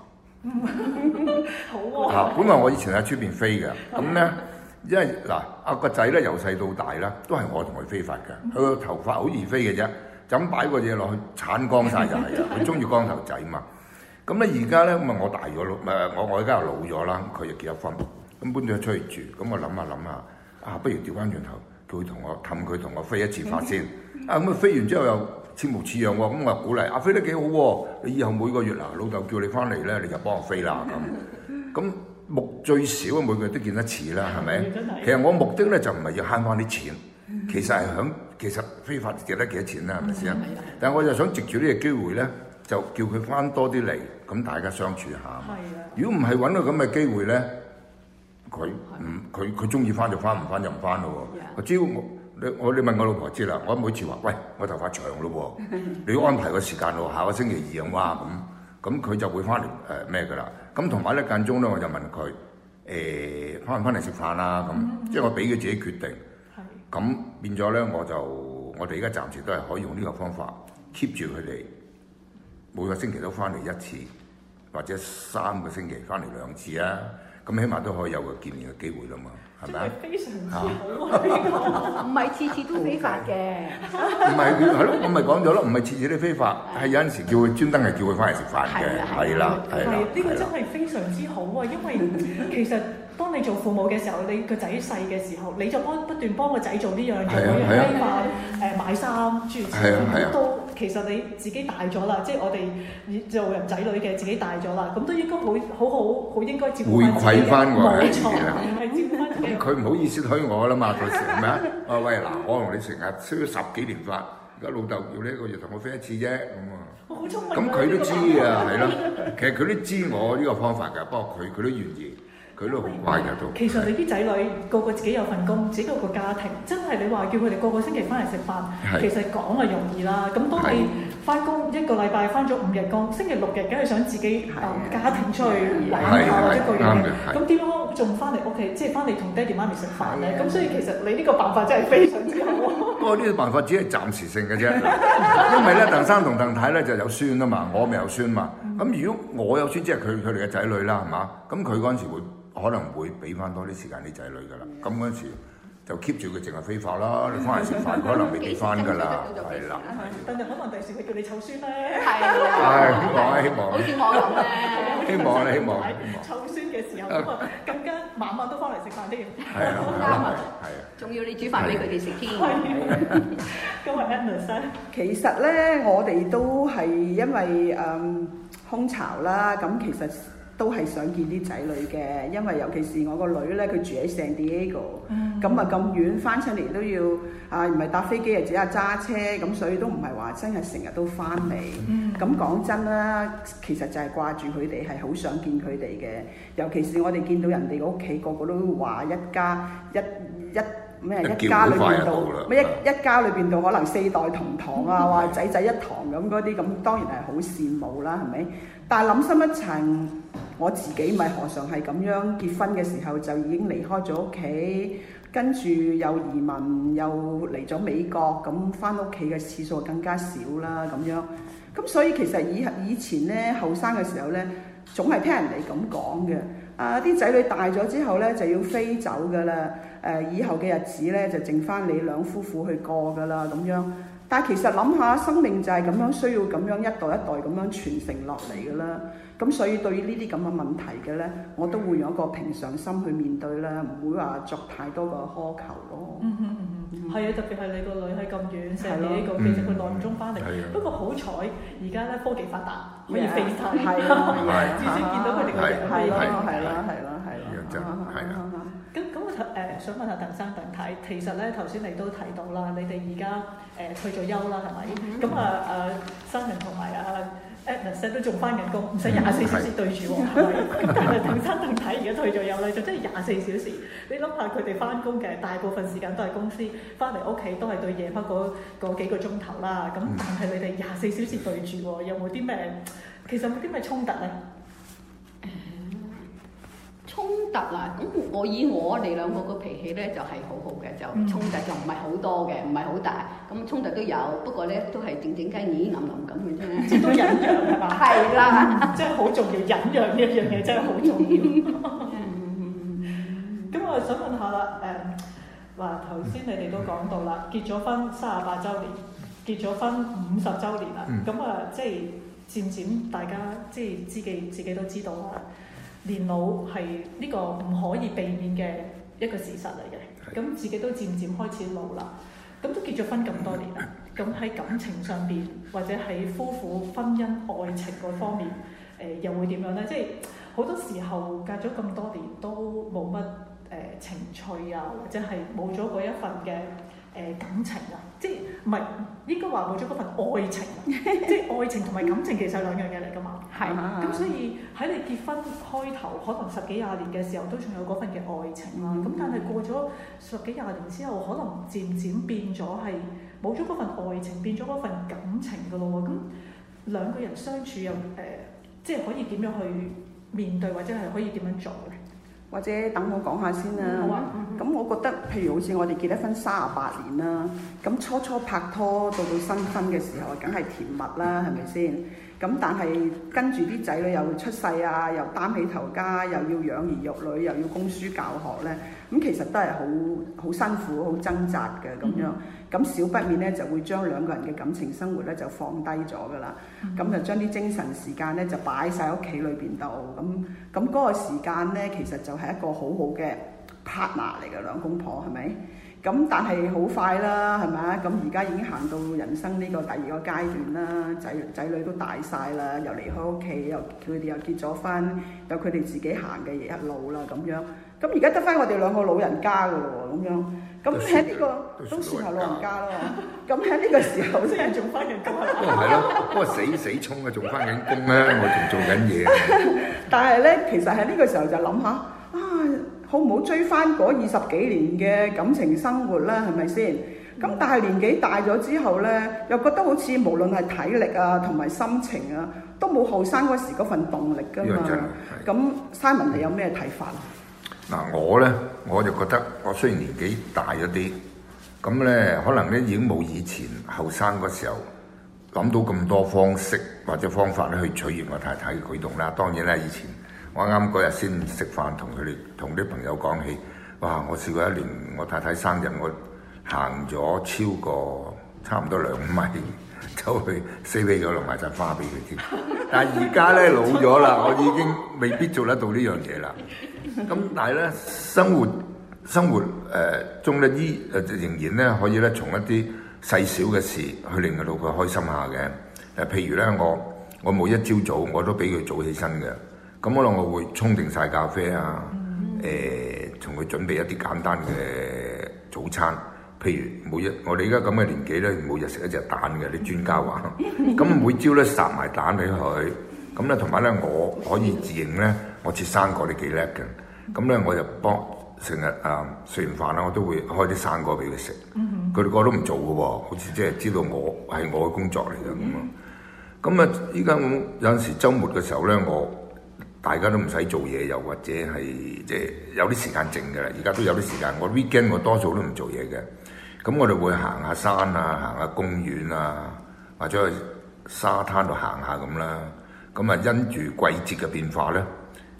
好啊！嗱、啊，本來我以前喺出邊飛嘅，咁咧， 因為嗱啊個仔咧由細到大啦，都係我同佢飛髮嘅。佢個 頭髮好易飛嘅啫，就咁擺個嘢落去，鏟光晒就係啊！佢中意光頭仔嘛。咁咧而家咧咁啊，我大咗，唔係我我依家又老咗啦。佢就結咗婚，咁搬咗出去住。咁我諗下諗下，啊，不如調翻轉頭，佢同我氹佢同我飛一次髮先。 啊，咁啊飛完之後又。千無似樣喎，咁我鼓勵阿飛都幾好喎。你以後每個月嗱，老豆叫你翻嚟咧，你就幫我飛啦咁。咁目最少啊，每個月都見得一次啦，係咪？其實我目的咧就唔係要慳翻啲錢，其實係響其實飛髮賺得幾多錢啦，係咪先？但係我就想藉住呢個機會咧，就叫佢翻多啲嚟，咁大家相處下。如果唔係揾到咁嘅機會咧，佢唔佢佢中意翻就翻，唔翻就唔翻咯喎。只要我。你我你問我老婆知啦，我每次話喂，我頭髮長咯喎， 你要安排個時間喎，下個星期二啊咁，咁佢就會翻嚟誒咩㗎啦，咁同埋咧間中咧我就問佢誒翻唔翻嚟食飯啊咁，mm hmm. 即係我俾佢自己決定，咁、mm hmm. 變咗咧我就我哋而家暫時都係可以用呢個方法 keep 住佢哋每個星期都翻嚟一次，或者三個星期翻嚟兩次啊，咁起碼都可以有個見面嘅機會啦嘛。真係非常之好啊！唔係次次都非法嘅，唔係，係咯，我咪講咗咯，唔係次次都非法，係有陣時叫佢專登係叫佢翻嚟食飯嘅，係啦，係啦，呢個真係非常之好啊，因為其實當你做父母嘅時候，你個仔細嘅時候，你就幫不斷幫個仔做呢樣嘢，嗰樣，誒買衫，諸如此類都。其實你自己大咗啦，即係我哋做人仔女嘅，自己大咗啦，咁都應該好好好好應該回饋返嘅，冇錯，係回饋。咁佢唔好意思推我啦嘛，到時係咪 啊？啊喂，嗱，我同你成日吹咗十幾年髮，而家老豆叫呢一個月同我飛一次啫，咁啊。我好聰明咁佢都知啊，係咯，其實佢都知我呢個方法㗎，不過佢佢都願意。其實你啲仔女個個自己有份工，自己個個家庭，真係你話叫佢哋個個星期翻嚟食飯，其實講係容易啦。咁當你翻工一個禮拜翻咗五日工，星期六日梗係想自己家庭出去玩下或者個樣。咁點解仲翻嚟屋企，即係翻嚟同爹哋媽咪食飯咧？咁所以其實你呢個辦法真係非常之好。不過呢個辦法只係暫時性嘅啫，因為咧，鄧生同鄧太咧就有孫啊嘛，我未有孫嘛。咁如果我有孫，即係佢佢哋嘅仔女啦，係嘛？咁佢嗰陣時會。可能會俾翻多啲時間你仔女噶啦，咁嗰陣時就 keep 住佢淨係非法啦。你翻嚟食飯，可能未結婚噶啦，係啦。等你有問題時，佢叫你湊孫咧。係，希望啦，希望。好似我咁咧。希望啦，希望。湊孫嘅時候更加晚晚都翻嚟食飯添，加埋，係。仲要你煮飯俾佢哋食添。係，今日 Hannah 咧。其實咧，我哋都係因為誒空巢啦，咁其實。都係想見啲仔女嘅，因為尤其是我個女咧，佢住喺 San Diego，咁啊咁遠翻出嚟都要啊，唔、呃、係搭飛機啊，自己揸車，咁、呃、所以都唔係話真係成日都翻嚟。咁講、嗯嗯、真啦，其實就係掛住佢哋，係好想見佢哋嘅。尤其是我哋見到人哋個屋企個個都話一家一一咩一,一家裏邊到咩一一,一家裏邊到可能四代同堂啊，話仔仔一堂咁嗰啲，咁當然係好羨慕啦，係咪？但係諗深一層，我自己咪何嘗係咁樣？結婚嘅時候就已經離開咗屋企，跟住又移民，又嚟咗美國，咁返屋企嘅次數更加少啦咁樣。咁所以其實以以前咧後生嘅時候咧，總係聽人哋咁講嘅。啊，啲仔女大咗之後咧就要飛走㗎喇。誒、啊，以後嘅日子咧就剩返你兩夫婦去過㗎喇咁樣。但係其實諗下，生命就係咁樣需要咁樣一代一代咁樣傳承落嚟嘅啦。咁所以對於呢啲咁嘅問題嘅咧，我都會用一個平常心去面對啦，唔會話作太多個苛求咯。嗯，係啊，特別係你個女喺咁遠成年呢個，其實佢耐唔中翻嚟，不過好彩而家咧科技發達，可以飛曬啦，直接見到佢哋個樣。係啦，係啦，係啦，係啦。誒、呃、想問下鄧生鄧太，其實咧頭先你都提到啦，你哋而家誒退咗休啦，係咪？咁、mm hmm. 啊誒、啊，Simon 同埋啊 Agnes、啊、Sir、mm hmm. 都仲翻緊工，唔使廿四小時對住喎。但係鄧生鄧太而家退咗休啦，就真係廿四小時。你諗下佢哋翻工嘅大部分時間都係公司，翻嚟屋企都係對夜班嗰嗰幾個鐘頭啦。咁但係你哋廿四小時對住喎，有冇啲咩，其實有冇啲咩衝突咧？衝突啦，咁我以我哋兩個個脾氣咧，就係、是、好好嘅，就衝突就唔係好多嘅，唔係好大。咁衝突都有，不過咧都係靜靜雞耳耳林林咁嘅啫。最多忍讓係嘛？係啦，即係好重要，忍讓呢一樣嘢真係好重要。咁我想問下啦，誒嗱頭先你哋都講到啦，結咗婚三十八周年，結咗婚五十周年啦。咁啊、嗯，即係漸漸大家即係自己自己都知道啦。年老係呢個唔可以避免嘅一個事實嚟嘅，咁自己都漸漸開始老啦，咁都結咗婚咁多年啦，咁喺感情上面或者喺夫婦婚姻愛情嗰方面，誒、呃、又會點樣呢？即係好多時候隔咗咁多年都冇乜誒情趣啊，或者係冇咗嗰一份嘅。誒感情啊，即係唔係應該話冇咗嗰份愛情？ 即係愛情同埋感情其實係兩樣嘢嚟噶嘛。係。咁所以喺是你結婚開頭，可能十幾廿年嘅時候都仲有嗰份嘅愛情啦。咁是但係過咗十幾廿年之後，可能漸漸變咗係冇咗嗰份愛情，變咗嗰份感情噶咯。咁兩個人相處又誒、呃，即係可以點樣去面對，或者係可以點樣做咧？或者等我講下先啦，咁、啊嗯、我覺得，譬如好似我哋結咗婚卅八年啦，咁初初拍拖到到新婚嘅時候啊，梗係甜蜜啦，係咪先？咁但係跟住啲仔女又出世啊，又擔起頭家，又要養兒育女，又要供書教學咧，咁其實都係好好辛苦、好掙扎嘅咁、嗯、樣。咁少不免咧，就會將兩個人嘅感情生活咧就放低咗噶啦。咁、嗯、就將啲精神時間咧就擺晒屋企裏邊度。咁咁嗰個時間咧，其實就係一個好好嘅 partner 嚟噶，兩公婆係咪？咁但係好快啦，係咪啊？咁而家已經行到人生呢個第二個階段啦，仔仔女都大晒啦，又離開屋企，又佢哋又結咗婚，有佢哋自己行嘅一路啦，咁樣。咁而家得翻我哋兩個老人家噶喎，咁樣。咁喺呢個都算係、這個、老人家咯，咁喺呢個時候先係仲翻緊工。嗰咯， 嗰個死死衝啊，仲翻緊工咧、啊，我仲做緊嘢、啊。 但係咧，其實喺呢個時候就諗下，啊，好唔好追翻嗰二十幾年嘅感情生活啦？係咪先？咁但係年紀大咗之後咧，又覺得好似無論係體力啊，同埋心情啊，都冇後生嗰時嗰份動力㗎嘛。咁 Simon 你有咩睇法啊？嗱、啊、我呢，我就覺得我雖然年紀大咗啲，咁呢可能呢已經冇以前後生嗰時候諗到咁多方式或者方法咧去取悅我太太嘅舉動啦。當然咧，以前我啱嗰日先食飯同佢哋同啲朋友講起，哇！我試過一年我太太生日我行咗超過，差唔多兩米，走 去四俾咗，留埋扎花俾佢添。但係而家咧，老咗啦，我已經未必做得到呢樣嘢啦。咁但係咧，生活生活誒中咧，依仍然咧可以咧從一啲細小嘅事去令到佢開心下嘅。誒，譬如咧，我我每一朝早，早我都俾佢早起身嘅，咁可能我會沖定晒咖啡啊，誒同佢準備一啲簡單嘅早餐。譬如每日我哋而家咁嘅年紀咧，每日食一隻蛋嘅，啲專家話。咁每朝咧烚埋蛋俾佢，咁咧同埋咧我可以自認咧，我切生果都幾叻嘅。咁咧我就幫成日啊，食完飯啦，我都會開啲生果俾佢食。佢哋、mm hmm。個都唔做嘅喎，好似即係知道我係我嘅工作嚟嘅咁啊。咁啊，依家有陣時週末嘅時候咧，我大家都唔使做嘢，又或者係即係有啲時間剩嘅啦。而家都有啲時間，我 weekend 我多數都唔做嘢嘅。咁我哋會行下山啊，行下公園啊，或者去沙灘度行下咁啦。咁啊，就因住季節嘅變化咧，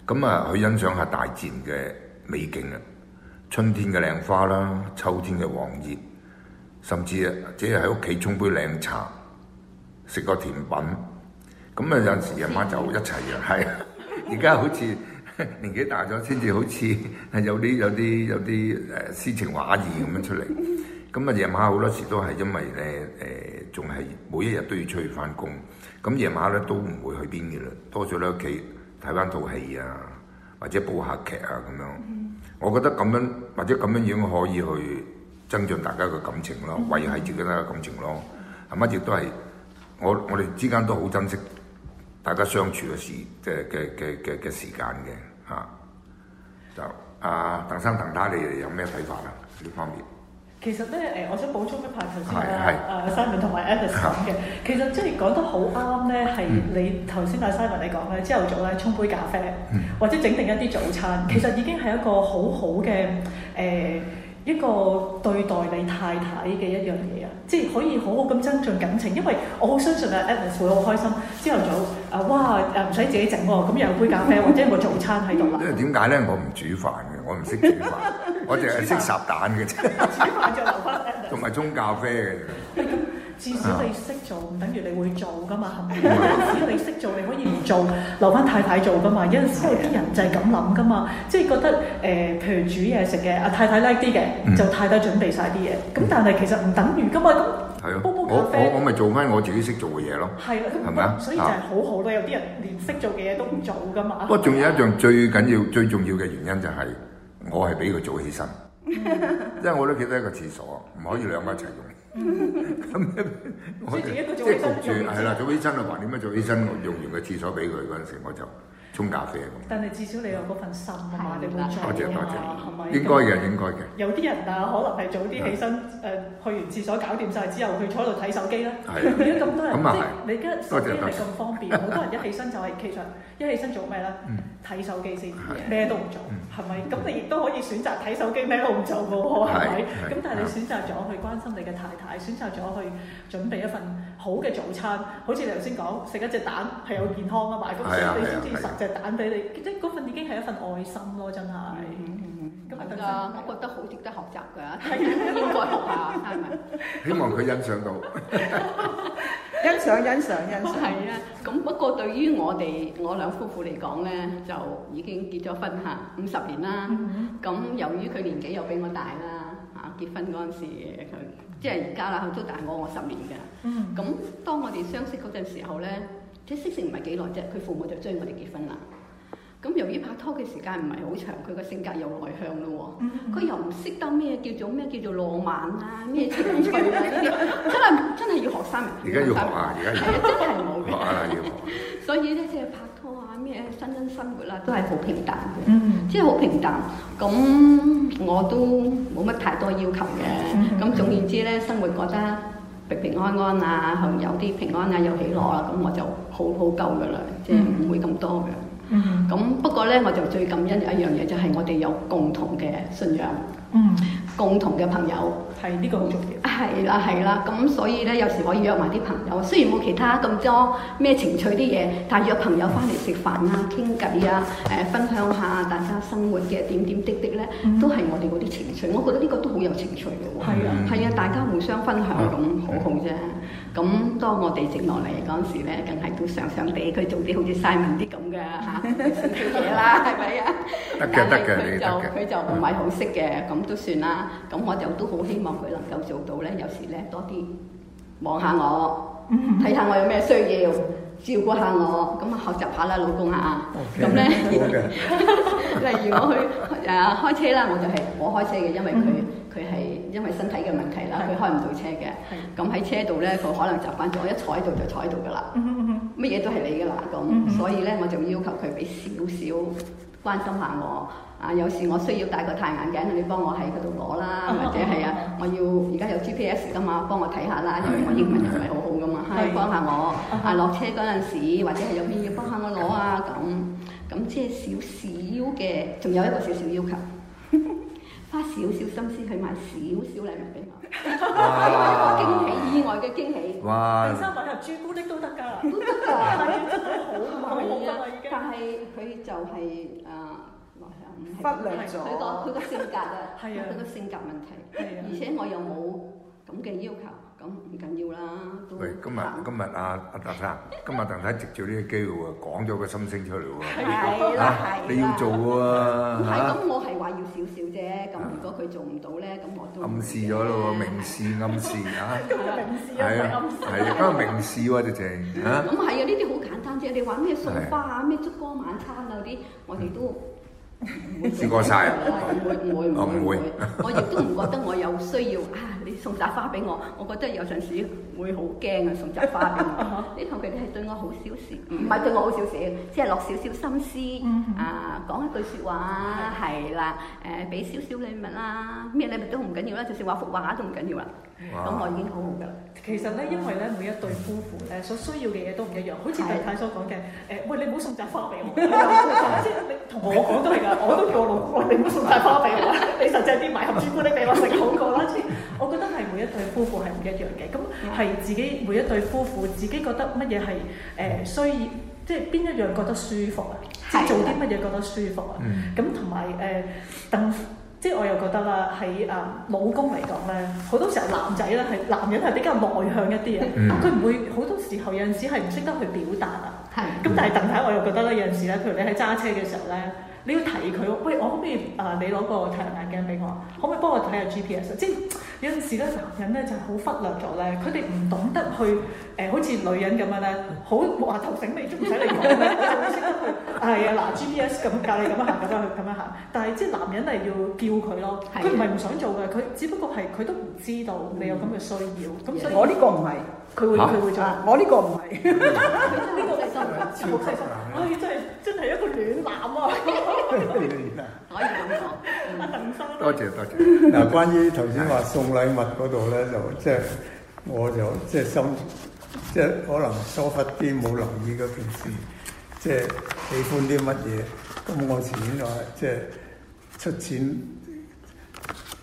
咁啊去欣賞下大自然嘅美景啊。春天嘅靚花啦、啊，秋天嘅黃葉，甚至啊，只係喺屋企沖杯靚茶，食個甜品。咁啊，有陣時夜晚就一齊約。係，而家好似年紀大咗，先至好似係有啲有啲有啲誒詩情畫意咁樣出嚟。咁啊，夜晚好多時都係因為咧，誒、呃，仲係每一日都要出去返工，咁夜晚咧都唔會去邊嘅啦，多咗咧喺屋企睇返套戲啊，或者煲下劇啊咁樣。Mm hmm. 我覺得咁樣或者咁樣樣可以去增進大家嘅感情咯，mm hmm. 維係住大家感情咯，係，乜嘢都係我我哋之間都好珍惜大家相處嘅時即係嘅嘅嘅嘅時間嘅嚇。就、啊、阿鄧生、鄧太，你哋有咩睇法啊？呢方面？其實咧，誒、呃，我想補充一排頭先啦，阿是、啊、Simon 同埋 Alice 嘅，是是其實即係講得好啱咧，係、嗯、你頭先阿 Simon 你講咧，朝頭早咧沖杯咖啡，嗯、或者整定一啲早餐，嗯、其實已經係一個好好嘅誒一個對待你太太嘅一樣嘢啊，即係可以好好咁增進感情，因為我好相信啊 Alice 會好開心，朝頭早啊、呃，哇，誒唔使自己整喎、啊，咁有杯咖啡或者有一個早餐喺度啦。因為點解咧，我唔煮飯。我唔識煮飯，我淨係識烚蛋嘅啫，仲係沖咖啡嘅啫。啊、至少你識做，唔等於你會做噶嘛。只要你識做，你可以唔做，嗯、留翻太太做噶嘛。有陣時有啲人就係咁諗噶嘛，即係覺得誒、呃，譬如煮嘢食嘅阿太太叻啲嘅，就太太準備晒啲嘢。咁、嗯、但係其實唔等於噶嘛。咁、那個、煲，煲煲咖啡。我我咪做翻我自己識做嘅嘢咯。係啦，係咪啊？所以就係好好咯。啊、有啲人連識做嘅嘢都唔做噶嘛。是不過仲、啊、有一樣最緊要、最重要嘅原因就係、是。我係俾佢早起身， 因為我都記得一個廁所唔可以兩個一齊用。咁，我即係焗住，係啦，早起身啦，話點樣早起身，我 用完個廁所俾佢嗰陣時，我就沖咖啡，但係至少你有嗰份心啊嘛，你會做啊嘛，係咪？應該嘅，應該嘅。有啲人啊，可能係早啲起身，誒，去完廁所搞掂晒之後，佢坐度睇手機啦。係啊，咁多人，即係你而家手機係咁方便，好多人一起身就係其實一起身做咩啦？睇手機先，咩都唔做，係咪？咁你亦都可以選擇睇手機，咩都唔做嘅喎，係咪？咁但係你選擇咗去關心你嘅太太，選擇咗去準備一份。好嘅早餐，好似你頭先講，食一隻蛋係有健康啊嘛，咁你先至十隻蛋俾你，即嗰份已經係一份愛心咯，真係。咁啊，我覺得好值得學習㗎，可以學下，係咪？希望佢欣賞到，欣賞欣賞欣賞。係啊，咁不過對於我哋我兩夫婦嚟講咧，就已經結咗婚嚇五十年啦，咁由於佢年紀又比我大啦。結婚嗰陣時，佢即係而家啦，佢都大我我十年㗎。咁、嗯嗯嗯、當我哋相識嗰陣時候咧，即係相識唔係幾耐啫，佢父母就追我哋結婚啦。咁由於拍拖嘅時間唔係好長，佢個性格又內向咯喎，佢、嗯嗯、又唔識得咩叫做咩叫、叫做浪漫啊，咩啲啲啲啲，真係真係要學生。而家要學啊！而家要學啊！要學啊！所以咧，即係。嘅婚姻生活啦，都係好平淡嘅，mm hmm. 即係好平淡。咁我都冇乜太多要求嘅。咁、mm hmm. 總言之咧，生活過得平平安安啊，有啲平安啊，有喜樂啊，咁、mm hmm. 我就好好夠噶啦，即係唔會咁多嘅。Mm hmm. 咁不過咧，我就最感恩有一樣嘢，就係我哋有共同嘅信仰，共同嘅朋友，係，呢個好重要。係啦，係啦，咁所以咧，有時可以約埋啲朋友，雖然冇其他咁多咩情趣啲嘢，但係約朋友翻嚟食飯啊、傾偈啊、誒分享下大家生活嘅點點滴滴咧，都係我哋嗰啲情趣。我覺得呢個都好有情趣嘅喎。係啊，係啊，大家互相分享咁好好啫。咁當我哋直落嚟嗰陣時咧，梗係都想想地，佢做啲好似 Simon 啲咁嘅嚇嘅嘢啦，係咪啊？得嘅，佢就佢就唔係好識嘅，咁都算啦。咁我就都好希望佢能夠做到咧，有時咧多啲望下我，睇下我有咩需要，照顧下我，咁啊學習下啦，老公啊。咁咧，例如我去啊開車啦，我就係我開車嘅，因為佢。佢係因為身體嘅問題啦，佢是的 開唔到車嘅。咁喺車度咧，佢、嗯、可能習慣咗一坐喺度就坐喺度噶啦。乜嘢 都係你噶啦。咁 所以咧，我就要求佢俾少少關心下我。啊，有時我需要戴個太陽鏡，你幫我喺嗰度攞啦，或者係啊， 我要而家有 GPS 噶嘛，幫我睇下啦，因為我英文又唔係好好噶嘛，可以幫下我。啊， 落車嗰陣時或者係有咩要幫下我攞啊咁，咁即係少少嘅，仲有一個少少要求。花少少心思去買少少禮物俾我，一個驚喜，意外嘅驚喜，零三蚊盒朱古力都得㗎，都得㗎，好，可以啊。但係佢就係啊，忽略咗佢個佢個性格啊，佢個性格問題，而且我又冇咁嘅要求。咁唔緊要啦，都。喂，今日今日阿阿達生，今日鄧太藉住呢個機會啊，講咗個心聲出嚟喎，嚇，你要做啊，唔係，咁我係話要少少啫。咁如果佢做唔到咧，咁我都。暗示咗咯喎，明示暗示嚇。咁明示啊，明示。係啊，更加明示喎，正嚇。咁啊係啊，呢啲好簡單啫。你話咩送花啊，咩燭光晚餐啊嗰啲，我哋都。唔該曬啊！我唔 會，我亦都唔覺得我有需要啊！你送扎花俾我，我覺得有陣時會好驚啊！送扎花俾我，呢套佢哋係對我好少事，唔係 對我好少少，即係落少少心思 啊！講一句説話係啦，誒， 俾少少禮物啦，咩禮物都唔緊要啦，就算畫幅畫都唔緊要啦。咁我已經好滿噶啦。哇其實咧，因為咧，每一對夫婦咧，所需要嘅嘢都唔一樣。好似太太所講嘅，誒喂的、欸，你唔好送扎花俾我。即 你同我講都係㗎，我都叫我老公， 你唔好送扎花俾我。你實際啲買盒朱古力俾我食好過啦。我覺得係每一對夫婦係唔一樣嘅。咁係自己每一對夫婦自己覺得乜嘢係誒需要，即係邊一樣覺得舒服啊？的即係做啲乜嘢覺得舒服啊？咁同埋誒鄧。即係我又覺得啦，喺誒老公嚟講咧，好多時候男仔咧係男人係比較內向一啲嘅，佢唔、mm. 會好多時候有陣時係唔識得去表達啊。係，咁但係鄧太我又覺得咧，有陣時咧，譬如你喺揸車嘅時候咧，你要提佢，喂，我。你攞個太陽眼鏡俾我，可唔可以幫我睇下 GPS？即係有陣時咧，男人咧就係好忽略咗咧，佢哋唔懂得去誒、呃，好似女人咁樣咧，好話頭醒尾都唔使你講。係 啊，嗱、啊、GPS 咁教你咁樣行，咁樣去咁樣行，但係即係男人係要叫佢咯。佢唔係唔想做嘅，佢只不過係佢都唔知道你有咁嘅需要。咁、嗯、所以我呢個唔係，佢會佢會做、啊啊。我呢個唔係，呢 個係真嘅，超級男、哎、真係真係一個暖男啊！ 可以咁講，多謝多謝。嗱， 關於頭先話送禮物嗰度咧，就即係我就即係心，即係可能疏忽啲冇留意嗰件事，即係喜歡啲乜嘢。咁我前面就係即係出錢，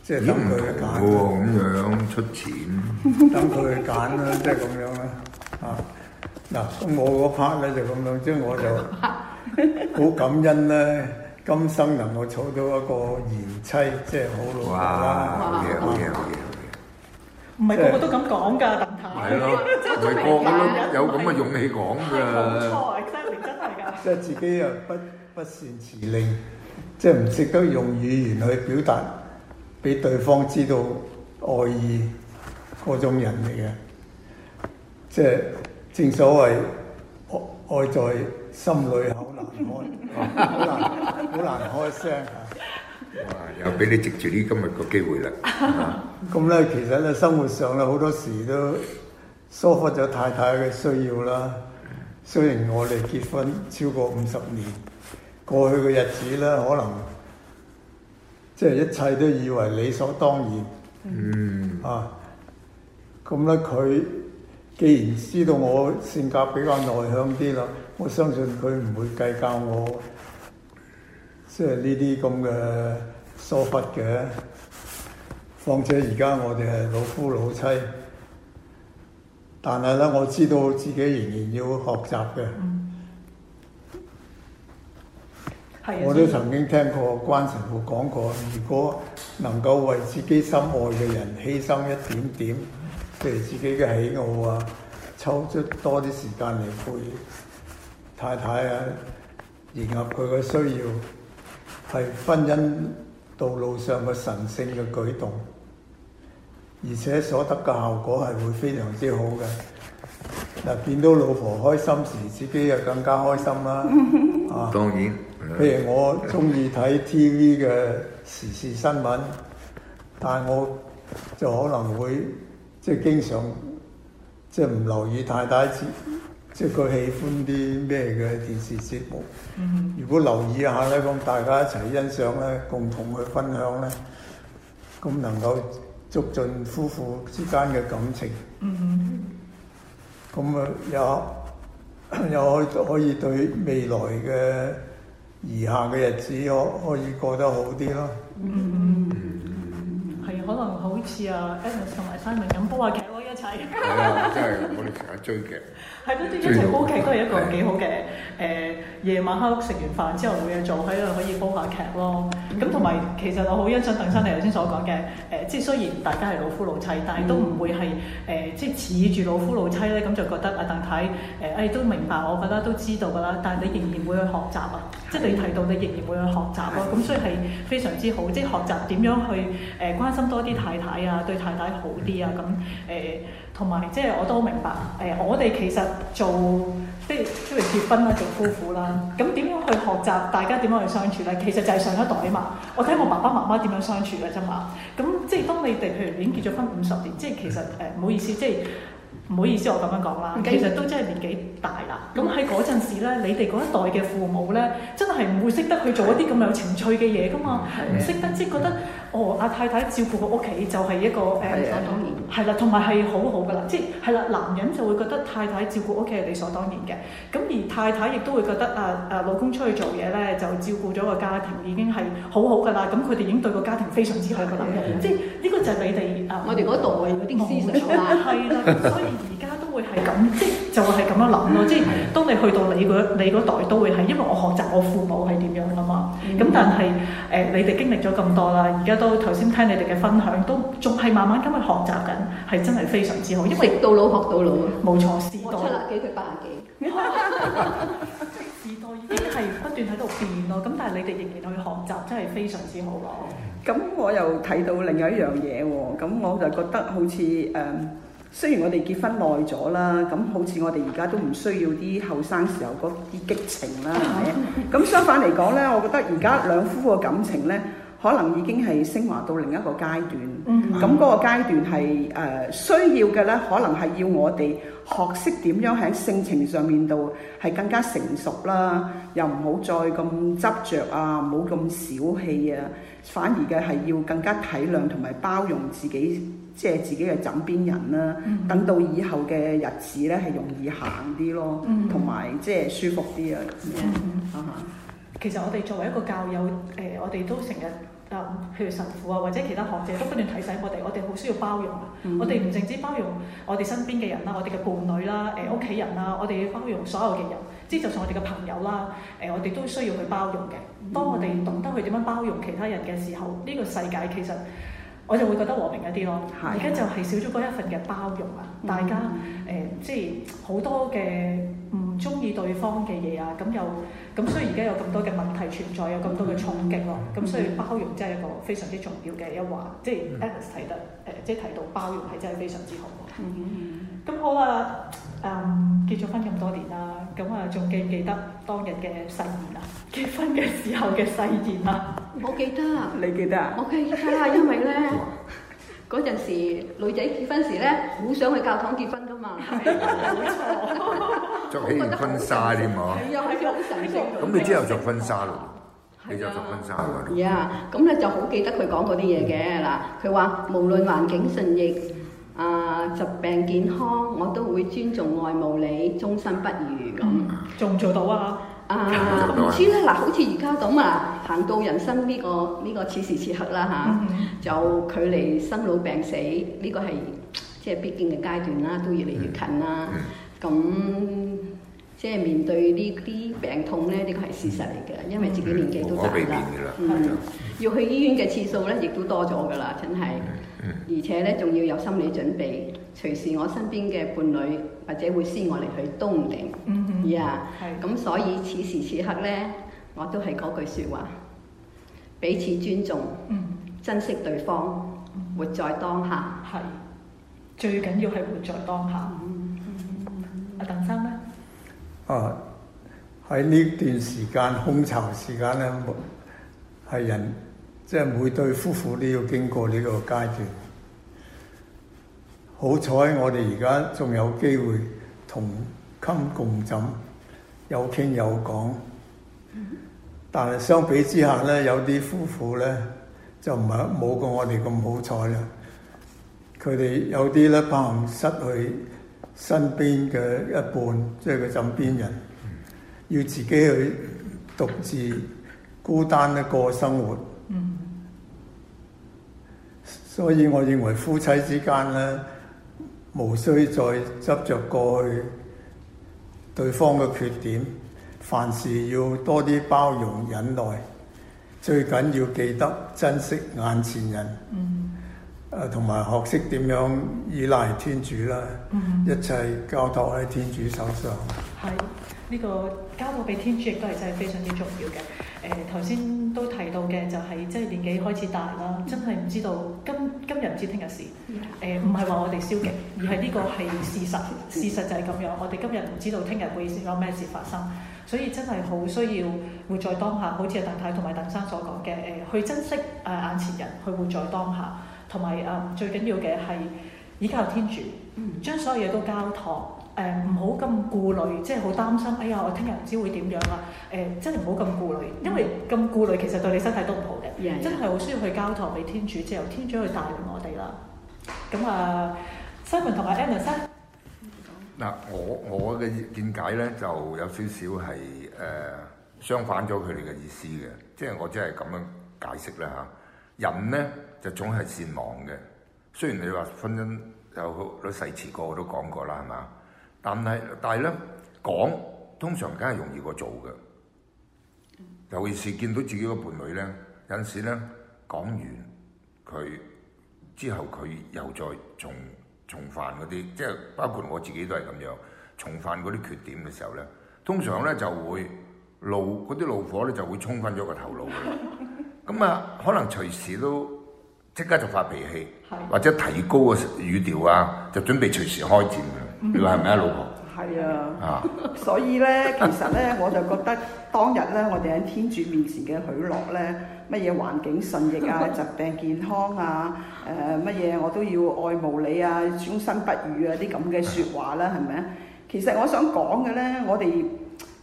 即係等佢去揀。冇喎、啊，咁樣出錢，等 佢去揀啦，即係咁樣啦。啊，嗱、啊，我嗰 part 咧就咁樣，即係我就好感恩咧。今生能夠娶到一個賢妻，即係好老婆啦！好嘅，好嘅，好嘅，唔係個個都咁講㗎，鄧太。唔係個個都有咁嘅勇氣講㗎。真係唔錯，真係真係㗎。即係自己又不不善辭令，即係唔識得用語言去表達，俾對方知道愛意嗰種人嚟嘅。即係正所謂愛在心裏口唔開，好難，好難開聲。啊！又俾你藉住呢今日個機會啦。咁咧、 嗯，其實咧，生活上咧，好多時都疏忽咗太太嘅需要啦。雖然我哋結婚超過五十年，過去嘅日子咧，可能即係一切都以為理所當然。嗯。啊，咁咧佢。嗯。既然知道我性格比較內向啲啦，我相信佢唔會計較我，即係呢啲咁嘅疏忽嘅。況且而家我哋係老夫老妻，但係咧，我知道自己仍然要學習嘅。嗯、我都曾經聽過關神父講過，如果能夠為自己心愛嘅人犧牲一點點。譬如自己嘅喜好啊，抽出多啲時間嚟陪太太啊，迎合佢嘅需要，係婚姻道路上嘅神聖嘅舉動，而且所得嘅效果係會非常之好嘅。嗱、啊，見到老婆開心時，自己又更加開心啦、啊。當然、 啊，譬如我中意睇 TV 嘅時事新聞，但我就可能會。即係經常，即係唔留意太太節，即係佢喜歡啲咩嘅電視節目。Mm hmm. 如果留意一下咧，咁大家一齊欣賞咧，共同去分享咧，咁能夠促進夫婦之間嘅感情。咁啊、mm，又又可可以對未來嘅餘下嘅日子，可可以過得好啲咯。Mm hmm. 可能好似啊，Agnes 同埋 Simon 咁煲下劇，我一齊。係啊，真係我哋成日追劇。係嗰啲一齊煲劇都係一個幾好嘅，誒，夜晚黑食完飯之後冇嘢做，喺度可以煲下劇咯。咁同埋其實我好欣賞上生你頭先所講嘅誒，即係雖然大家係老夫老妻，但係都唔會係誒、呃、即係恃住老夫老妻咧，咁就覺得阿、啊、鄧太誒，哎、呃、都明白，我覺得都知道㗎啦。但係你仍然會去學習啊，嗯、即係你提到你仍然會去學習咯、啊。咁、嗯、所以係非常之好，即係學習點樣去誒關心多啲太太啊，對太太好啲啊咁誒，同、呃、埋即係我都明白誒、呃，我哋其實。做即係出嚟結婚啦，做夫婦啦，咁點樣去學習大家點樣去相處咧？其實就係上一代啊嘛，我睇我爸爸媽媽點樣相處嘅啫嘛。咁即係當你哋譬如已經結咗婚五十年，即係其實誒唔好意思，即係。唔好意思，我咁樣講啦，其實都真係年紀大啦。咁喺嗰陣時咧，你哋嗰一代嘅父母咧，真係唔會識得去做一啲咁有情趣嘅嘢噶嘛，唔識得即係覺得哦，阿太太照顧個屋企就係一個誒，理所當然係啦，同埋係好好噶啦。即係係啦，男人就會覺得太太照顧屋企係理所當然嘅。咁而太太亦都會覺得啊啊，老公出去做嘢咧，就照顧咗個家庭已經係好好噶啦。咁佢哋已經對個家庭非常之有個責任。即係呢個就係你哋啊，我哋嗰代嗰啲思想啦，係啦，所以。係咁，就係嗯、即係就係咁樣諗咯。即係當你去到你嗰你代，都會係因為我學習我父母係點樣啊嘛。咁、嗯、但係誒、呃，你哋經歷咗咁多啦，而家都頭先聽你哋嘅分享，都仲係慢慢咁去學習緊，係真係非常之好。因為到老學到老，冇錯，時代七十幾佢八十幾，時代 已經係不斷喺度變咯。咁 但係你哋仍然去學習，真係非常之好咯。咁我又睇到另外一樣嘢喎，咁我就覺得好似誒。Uh, 雖然我哋結婚耐咗啦，咁好似我哋而家都唔需要啲後生時候嗰啲激情啦，係咪？咁 相反嚟講呢，我覺得而家兩夫婦嘅感情呢，可能已經係升華到另一個階段。咁嗰 個階段係誒、呃、需要嘅呢，可能係要我哋學識點樣喺性情上面度係更加成熟啦，又唔好再咁執着啊，冇咁小氣啊，反而嘅係要更加體諒同埋包容自己。即係自己嘅枕邊人啦，嗯、等到以後嘅日子咧，係容易行啲咯，同埋、嗯、即係舒服啲啊！嚇嚇、嗯，嗯、其實我哋作為一個教友，誒、呃，我哋都成日啊，譬如神父啊，或者其他學者都不斷提醒我哋，我哋好需要包容。嗯、我哋唔淨止包容我哋身邊嘅人啦，我哋嘅伴侶啦，誒、呃，屋企人啦，我哋要包容所有嘅人，即係就算我哋嘅朋友啦、啊，誒、呃，我哋都需要去包容嘅。當我哋懂得去點樣包容其他人嘅時候，呢、呢個世界其實～其實我就會覺得和平一啲咯，而家的就係少咗嗰一份嘅包容啊！大家誒、嗯嗯呃，即係好多嘅唔中意對方嘅嘢啊，咁又咁所以而家有咁多嘅問題存在，有咁多嘅衝擊咯，咁、嗯嗯、所以包容真係一個非常之重要嘅一環，嗯、即係 Alex 睇得誒，即係睇到包容係真係非常之好。咁好啦。誒結咗婚咁多年啦，咁啊仲記唔記得當日嘅誓言啊？結婚嘅時候嘅誓言啊？我記得。你記得啊？我記得，因為咧嗰陣時女仔結婚時咧，好想去教堂結婚噶嘛。冇錯，著起婚紗添啊！係啊係啊，好神聖。咁你之後著婚紗咯，你就著婚紗啦。係啊，咁咧就好記得佢講嗰啲嘢嘅嗱，佢話無論環境順逆。啊！疾病健康，我都會尊重愛慕你，終身不渝咁、嗯。做唔做到啊？啊，唔、啊、知啦。嗱，好似而家咁啊，行到人生呢、這個呢、這個此時此刻啦嚇，啊嗯、就距離生老病死呢、這個係即係必經嘅階段啦，都越嚟越近啦。咁、嗯。那嗯即係面對呢啲病痛咧，呢個係事實嚟嘅，因為自己年紀都大啦。嗯，要去醫院嘅次數咧，亦都多咗㗎啦，真係，而且咧，仲要有心理準備，隨時我身邊嘅伴侶或者會先我離去都唔定。嗯哼。呀，係。咁所以此時此刻咧，我都係嗰句說話，彼此尊重，嗯，珍惜對方，活在當下。係，最緊要係活在當下。嗯嗯啊！喺呢段時間空巢時間咧，係人，即係每對夫婦都要經過呢個階段。好彩我哋而家仲有機會同衾共枕，有傾有講。但係相比之下咧，有啲夫婦咧就唔係冇過我哋咁好彩啦。佢哋有啲咧不幸失去。身邊嘅一半，即係佢枕邊人，嗯、要自己去獨自孤單咧過生活。嗯、所以，我認為夫妻之間咧，無需再執著過去對方嘅缺點，凡事要多啲包容忍耐，最緊要記得珍惜眼前人。嗯同埋學識點樣依賴天主啦，嗯、一切交託喺天主手上。係呢、呢個交託俾天主，亦都係真係非常之重要嘅。誒頭先都提到嘅、就係，就係即係年紀開始大啦，真係唔知道今今日唔知聽日事。誒唔係話我哋消極，而係呢個係事實，事實就係咁樣。我哋今日唔知道聽日會有咩事發生，所以真係好需要活在當下。好似阿鄧太同埋鄧生所講嘅，誒、呃、去珍惜誒眼前人，去活在當下。同埋誒最緊要嘅係依靠天主，將、嗯、所有嘢都交託誒，唔好咁顧慮，即係好擔心。哎呀，我聽日唔知會點樣啊？誒、呃，真係唔好咁顧慮，嗯、因為咁顧慮其實對你身體都唔好嘅，嗯、真係好需要去交託俾天主，即、就、係、是、由天主去帶領我哋啦。咁啊，Simon 同埋 Agnes 嗱，我我嘅見解咧就有少少係誒、呃、相反咗佢哋嘅意思嘅，即、就、係、是、我只係咁樣解釋啦嚇，人咧。就總係善忘嘅。雖然你話婚姻有好多細詞個我都講過啦，係嘛？但係但係咧講，通常梗係容易過做嘅。尤其是見到自己個伴侶咧，有陣時咧講完佢之後，佢又再重重犯嗰啲，即係包括我自己都係咁樣重犯嗰啲缺點嘅時候咧，通常咧就會怒，嗰啲怒火咧就會衝昏咗個頭腦嘅。咁啊，可能隨時都～即刻就發脾氣，是的 或者提高個語調啊，就準備隨時開戰啊！你話係咪啊， 老婆？係啊的， 所以呢，其實呢，我就覺得當日呢，我哋喺天主面前嘅許諾呢，乜嘢環境順逆啊，疾病健康啊，誒乜嘢，我都要愛慕你啊，終身不渝啊啲咁嘅説話啦，係咪啊？其實我想講嘅呢，我哋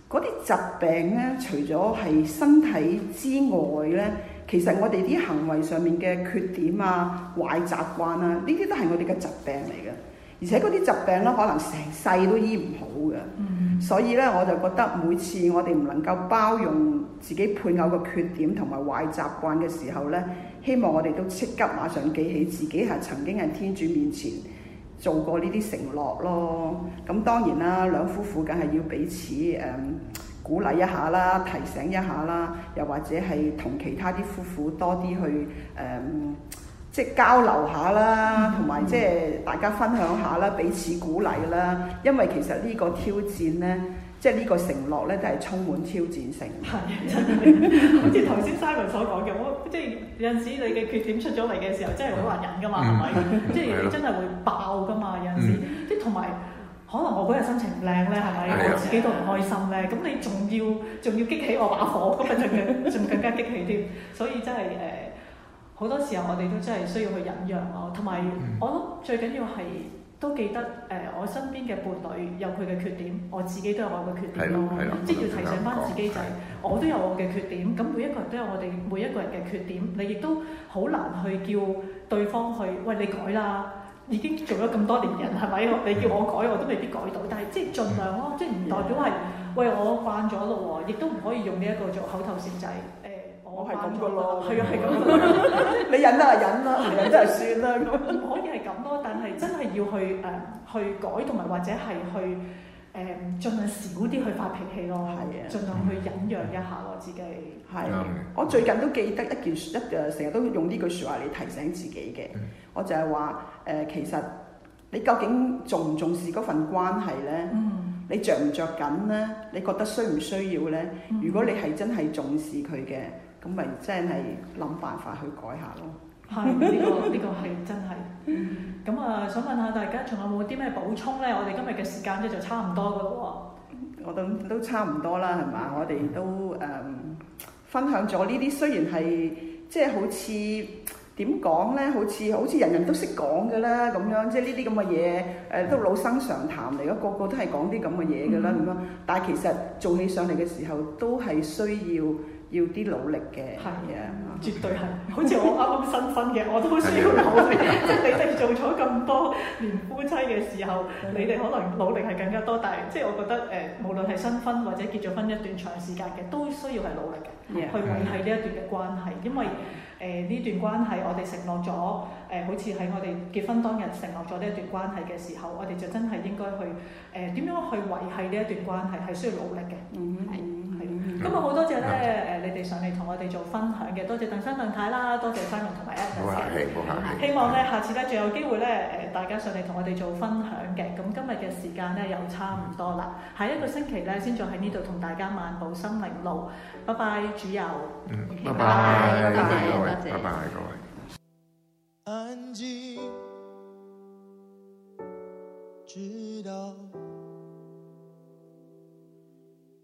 嗰啲疾病呢，除咗係身體之外呢。 其實我哋啲行為上面嘅缺點啊、壞習慣啊，呢啲都係我哋嘅疾病嚟嘅，而且嗰啲疾病咧、啊，可能成世都醫唔好嘅。Mm-hmm. 所以咧，我就覺得每次我哋唔能夠包容自己配偶嘅缺點同埋壞習慣嘅時候咧，希望我哋都即刻馬上記起自己係曾經喺天主面前做過呢啲承諾咯。咁、嗯、當然啦，兩夫婦梗係要彼此誒。嗯鼓勵一下啦，提醒一下啦，又或者係同其他啲夫婦多啲去誒、呃，即係交流下啦，同埋即係大家分享下啦，彼此鼓勵啦。因為其實呢個挑戰咧，即係呢個承諾咧，都係充滿挑戰性嘅，真嘅 剛才。 好似頭先 Simon 所講嘅，我即係有陣時你嘅缺點出咗嚟嘅時候，真係好難忍噶嘛，係咪？即係 你真係會爆噶嘛，有陣時。即係同埋。可能我嗰日心情唔靚咧，係咪？我自己都唔開心咧。咁 你仲要仲要激起我把火，咁咪仲更加激氣添。所以真係誒，好、呃、多時候我哋都真係需要去忍讓咯。同埋、嗯、我諗最緊要係都記得誒、呃，我身邊嘅伴侶有佢嘅缺點，我自己都有我嘅缺點咯。嗯、即係要提醒翻自己就仔、係，嗯、我都有我嘅缺點。咁每一個人都有我哋每一個人嘅缺點，你亦都好難去叫對方去喂，你改啦。已經做咗咁多年人，係咪？你叫我改，我都未必改到。但係即係儘量咯，即係唔代表係喂我慣咗咯喎，亦都唔可以用呢一個做口頭禪。誒，我係咁嘅咯。係啊，係咁。你忍啦，忍啦，忍都係算啦。唔可以係咁咯，但係真係要去誒去改，同埋或者係去誒盡量少啲去發脾氣咯。係啊，盡量去忍讓一下咯，自己。係啊，我最近都記得一件一誒，成日都用呢句説話嚟提醒自己嘅。我就係話。誒、呃，其實你究竟重唔重視嗰份關係咧？嗯、你着唔着緊咧？你覺得需唔需要咧？嗯、如果你係真係重視佢嘅，咁咪真係諗辦法去改下咯。係，呢、呢個呢、呢個係真係。咁啊、 呃，想問下大家，仲有冇啲咩補充咧？我哋今日嘅時間咧就差唔多噶咯、嗯。我諗都，都差唔多啦，係嘛？我哋都誒、嗯、分享咗呢啲，雖然係即係好似。點講咧？好似，好似人人都識講嘅啦，咁樣即係呢啲咁嘅嘢，誒都老生常談嚟嘅，個個都係講啲咁嘅嘢嘅啦，咁樣。但係其實做起上嚟嘅時候，都係需要要啲努力嘅。係啊，絕對係。好似我啱啱新婚嘅，我都好需要努力。即係你哋做咗咁多年夫妻嘅時候，你哋可能努力係更加多，但係即係我覺得誒，無論係新婚或者結咗婚一段長時間嘅，都需要係努力嘅，去維係呢一段嘅關係，因為。誒呢、呃、段關係，呃、我哋承諾咗，誒好似喺我哋結婚當日承諾咗呢一段關係嘅時候，我哋就真係應該去誒點、呃、樣去維係呢一段關係，係需要努力嘅。嗯、mm hmm. 係。咁啊，好多謝咧誒，你哋上嚟同我哋做分享嘅，多謝鄧生、鄧太啦，多謝 Simon 同埋 Agnes，唔好客氣，唔好客氣。希望咧下次咧仲有機會咧誒，大家上嚟同我哋做分享嘅。咁今日嘅時間咧又差唔多啦，下一個星期咧先再喺呢度同大家漫步心靈路，拜拜，主佑，嗯，拜拜，多謝，拜拜各位。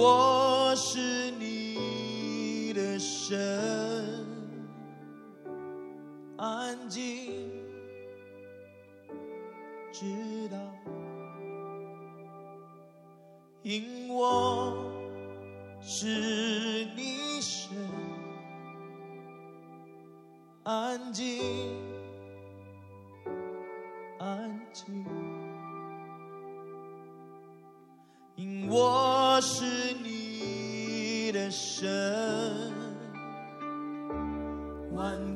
我是。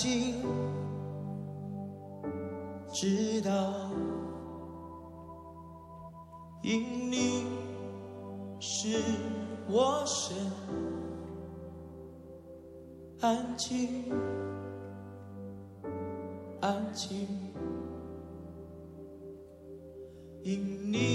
知道，直到因你是我神，安靜，安靜，因你，